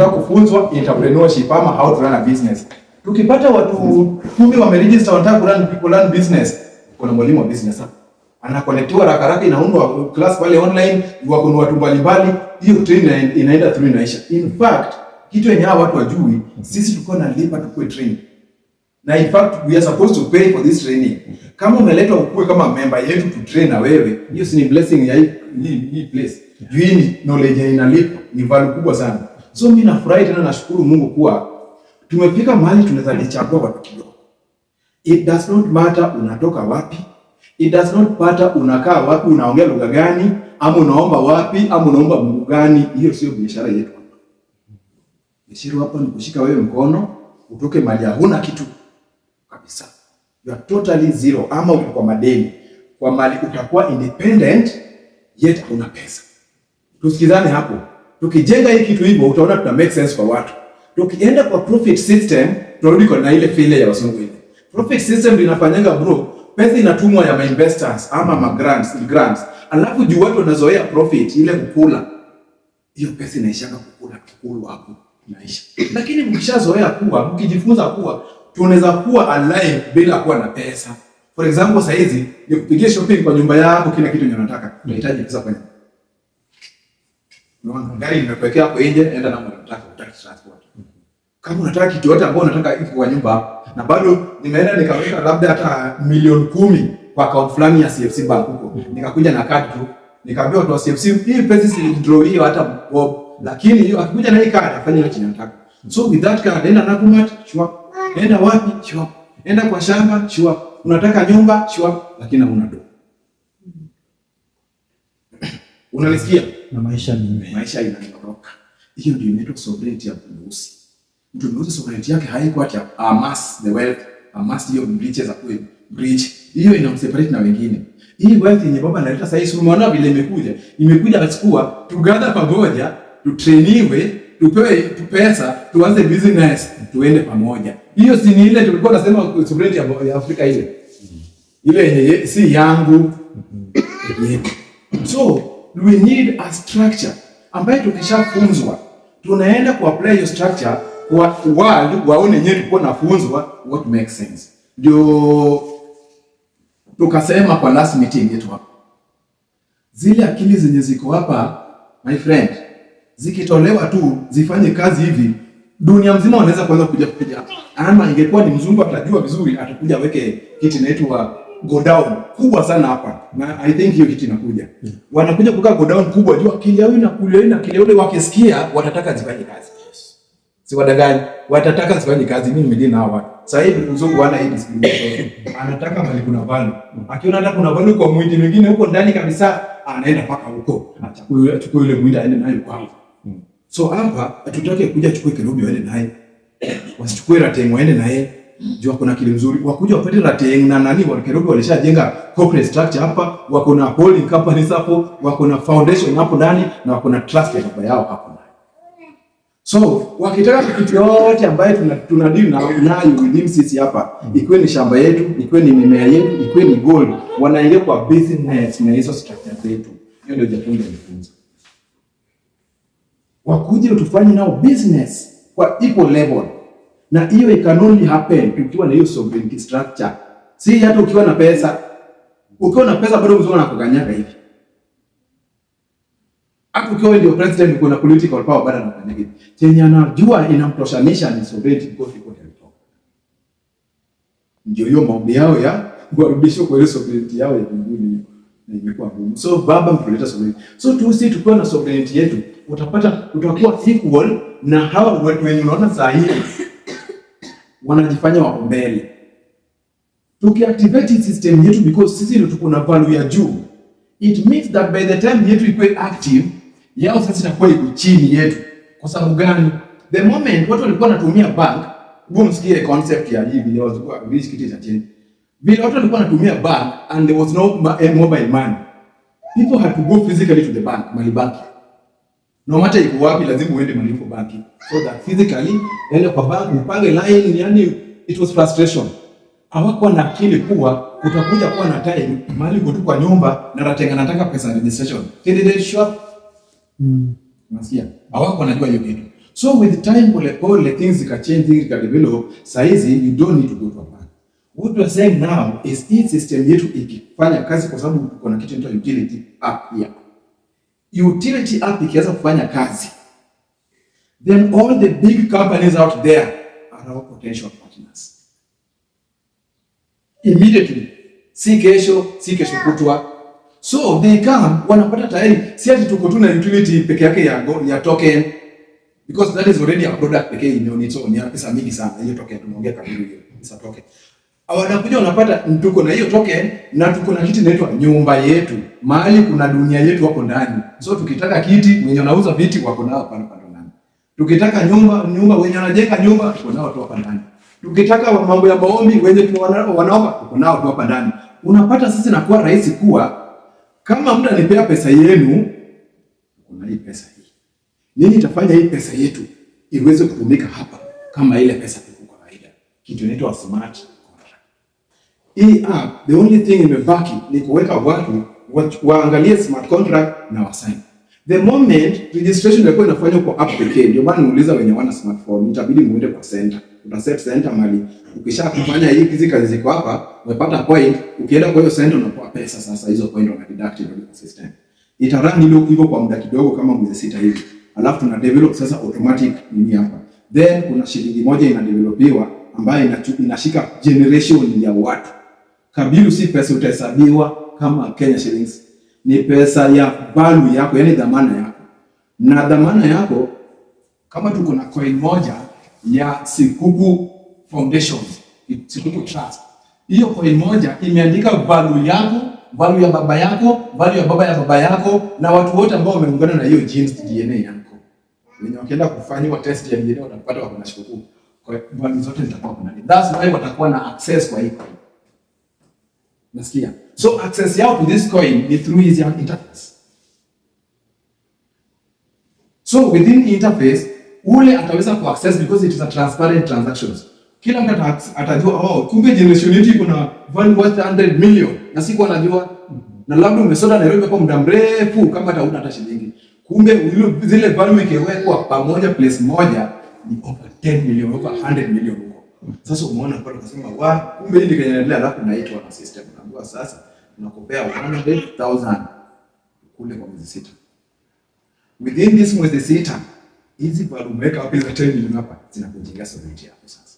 Nataka kufunzwa entrepreneurship ama how to run a business. Tukipata watu kumi wameregister wanataka ku run people run business, kuna mwalimu wa business hapa. Anakonektiwa haraka haraka, inaundwa class pale online, wako kuna watu mbalimbali, hiyo train inaenda through inaisha. In fact, kitu yenye hawa watu wajui, sisi tuko na lipa tukue train. Na in fact, we are supposed to pay for this training. Kama umeletwa ukue kama member yetu to train na wewe, hiyo si ni blessing ya hii place. Juu hii knowledge inalipa, ni value kubwa sana. So mimi nafurahi tena, nashukuru Mungu kuwa tumefika mahali tunaweza jichagua watu kidogo. It does not matter unatoka wapi, it does not matter unakaa wapi, unaongea lugha gani, ama unaomba wapi, ama unaomba Mungu gani. Hiyo sio biashara yetu. Biashara hapa ni kushika wewe mkono utoke mahali huna kitu kabisa, you are totally zero, ama uko kwa madeni, kwa mali utakuwa independent, yet una pesa. Tusikizane hapo. Tukijenga hii kitu hivyo, utaona tuna make sense kwa watu. Tukienda kwa profit system, tunarudi kwa na ile failure ya wasungu ile. Profit system linafanyanga bro, pesa inatumwa ya investors ama ma grants, grants. Alafu juu watu wanazoea profit ile kukula. Hiyo pesa inaishanga kukula kukula hapo inaisha. Lakini mkishazoea kuwa, mkijifunza kuwa tunaweza kuwa alive bila kuwa na pesa. For example, saizi kupigia shopping kwa nyumba yako, kila kitu unachotaka. Unahitaji pesa kwa nyumba. Unaona, gari hapo nje, enda na utaki transport. Kama unataka kitu yote unataka iko kwa nyumba na bado nimeenda nikaweka labda hata milioni kumi kwa account fulani ya CFC bank huko, nikakuja na kadi tu, nikaambia watu wa CFC, hii pesa si hiyo hata lakini hiyo akikuja na hii afanye anataka. So with that card, enda na kumat chua, enda wapi chua, enda kwa shamba chua, unataka nyumba chua, lakini Unanisikia? Na maisha ni maisha inanitoroka. Hiyo ndio inaitwa sovereignty ya mweusi. Mtu mweusi sovereignty yake haiko ya amass the wealth, amass hiyo bridge za kweli. bridge Hiyo inamseparate na wengine. Hii wealth yenye baba analeta sasa hivi umeona vile imekuja. Imekuja basi kuwa tugather pamoja, tutrainiwe, tupewe pesa, tuanze business, tuende pamoja. Hiyo si ni ile tulikuwa tunasema sovereignty ya Afrika ile. Mm-hmm. Ile yenye si yangu. Mm-hmm. So we need a structure ambayo tukishafunzwa tunaenda ku apply your structure kwa world, waone nyewe tulikuwa nafunzwa what makes sense. Ndio tukasema kwa last meeting yetu hapa, zile akili zenye ziko hapa my friend, zikitolewa tu zifanye kazi hivi, dunia mzima wanaweza kuanza kuja kupiga. Ama ingekuwa ni mzungu atajua vizuri, atakuja aweke kitu inaitwa go down kubwa sana hapa, na I think hiyo kitu inakuja yeah. Wanakuja kukaa go down kubwa juu akili yao kule na kile yao wakisikia, watataka zifanye kazi yes. Si wadagani watataka zifanye kazi. Mimi nimedili na watu sasa hivi, mzungu hana hii discrimination anataka mali, kuna value akiona hata kuna value kwa mwiti mwingine huko ndani kabisa, anaenda paka huko, achukue yule mwindi aende naye kwangu. Hmm. So hapa hatutaki kuja chukue kirubi waende naye, wasichukue ratengo waende naye jua kuna kile mzuri wakuja wapate rateng na nani wa walishajenga corporate structure hapa, wako na holding company hapo, wako na foundation hapo ndani na wako na trust ya baba yao hapo ndani. So wakitaka kitu yote ambayo tuna tuna deal na nayo within sisi hapa, ikiwe ni shamba yetu, ikiwe ni mimea yetu, ikiwe ni gold, wanaingia kwa business na hizo structure zetu. Hiyo ndio jifunza jifunza, wakuje tufanye nao business kwa equal level na hiyo it can only happen ukiwa na hiyo sovereignty structure, si hata ukiwa na pesa. Ukiwa na pesa bado mzungu anakukanyaga hivi, hata ukiwa ndio president, uko na political power bado anakukanyaga hivi. Chenye anajua inamtoshanisha ni sovereignty, because iko hapo. Ndio hiyo maombi yao ya kurudishwa kwa ile sovereignty yao ya mbinguni na imekuwa ngumu. So baba mtuleta sovereignty, so tu tusi tukiwa na sovereignty yetu utapata, utakuwa equal na hawa watu wenye unaona saa hii wanajifanya wako mbele. Tukiactivate system yetu because sisi ndio tuko na value ya juu, it means that by the time yetu ikuwe active, yao sasa itakuwa iko chini yetu. Kwa sababu gani? The moment watu walikuwa wanatumia bank, wewe msikie concept ya hivi leo zikuwa hizi kitu cha chini. Vile watu walikuwa wanatumia bank and there was no eh, mobile money. People had to go physically to the bank, money bank. No matter iko wapi, lazima uende malipo banki, so that physically ende kwa banki upange line. Yani it was frustration. Hawakuwa na akili kuwa utakuja kuwa na time mali uko tu kwa nyumba na ratenga, nataka pesa registration tended shop mm, nasikia hawakuwa wanajua hiyo kitu. So with time pole pole things zika change, things zika develop. Saizi you don't need to go to a bank. What we are saying now is hii system yetu ikifanya kazi, kwa sababu kuna kitu inaitwa utility app ah, here utility app ikiweza kufanya kazi, then all the big companies out there are our potential partners immediately, si kesho, si kesho kutwa. So they come, wanapata tayari, si ati tuko tu na utility peke yake ya ya token because that is already a product peke ina its own, ina pesa mingi sana ile token, tunaongea kabla hiyo, it's a token wanakuja wanapata mm, tuko na hiyo token na tuko na kiti inaitwa nyumba yetu, mahali kuna dunia yetu hapo ndani. So tukitaka kiti, mwenye anauza viti wako nao hapo hapo ndani. Tukitaka nyumba, nyumba wenye wanajenga nyumba wako nao hapo ndani. Tukitaka mambo ya maombi wenye wanaomba wako nao hapo hapa ndani. Unapata sisi nakuwa kuwa rahisi kuwa kama mtu anipea pesa yenu, kuna hii pesa hii. Nini itafanya hii pesa yetu iweze kutumika hapa kama ile pesa tuko kwa kawaida? Kitu inaitwa smart hii e app the only thing imebaki ni kuweka watu waangalie smart contract na wasign. The moment registration ilikuwa inafanywa kwa app pekee, ndio maana niuliza wenye wana smartphone, itabidi muende kwa center. Uta set center mali. Ukisha kufanya hii hizi kazi ziko hapa, umepata point, ukienda kwa hiyo center unapoa pesa sasa hizo point una deduct ndio kwa system. Itarani hilo hivyo kwa muda kidogo kama mwezi sita hivi. Alafu tuna develop sasa automatic nini hapa. Then kuna shilingi moja inadevelopiwa ambayo inashika generation ya watu. Kabiru si pesa utahesabiwa kama Kenya shillings, ni pesa ya value yako, yani dhamana yako. Na dhamana yako kama tuko na coin moja ya Sikuku Foundation, Sikuku Trust, hiyo coin moja imeandika value yako, value ya baba yako, value ya baba ya baba yako, na watu wote ambao wameungana na hiyo genes DNA yako, wenye wakienda kufanyiwa test ya DNA watapata wako na Sikuku, kwa hiyo zote zitakuwa kuna, that's why watakuwa na access kwa hiyo Nasikia. So access yao to this coin ni through his interface. So within the interface ule ataweza ku access because it is a transparent transactions. Kila mtu atajua oh, kumbe generation yetu iko na 100 million na siku anajua na labda umesota Nairobi kwa muda mrefu kama hata una hata shilingi. Kumbe zile value ikiwekwa pamoja place moja ni over 10 million, over 100 million. Sasa umeona pale unasema wa kumbe hili kinaendelea, alafu naitwa na system naambiwa sasa tunakopea 100000 kule kwa mwezi sita. Within this mwezi sita hizi value umeweka wapi za 10 million hapa zinakujenga sovereignty hapo sasa.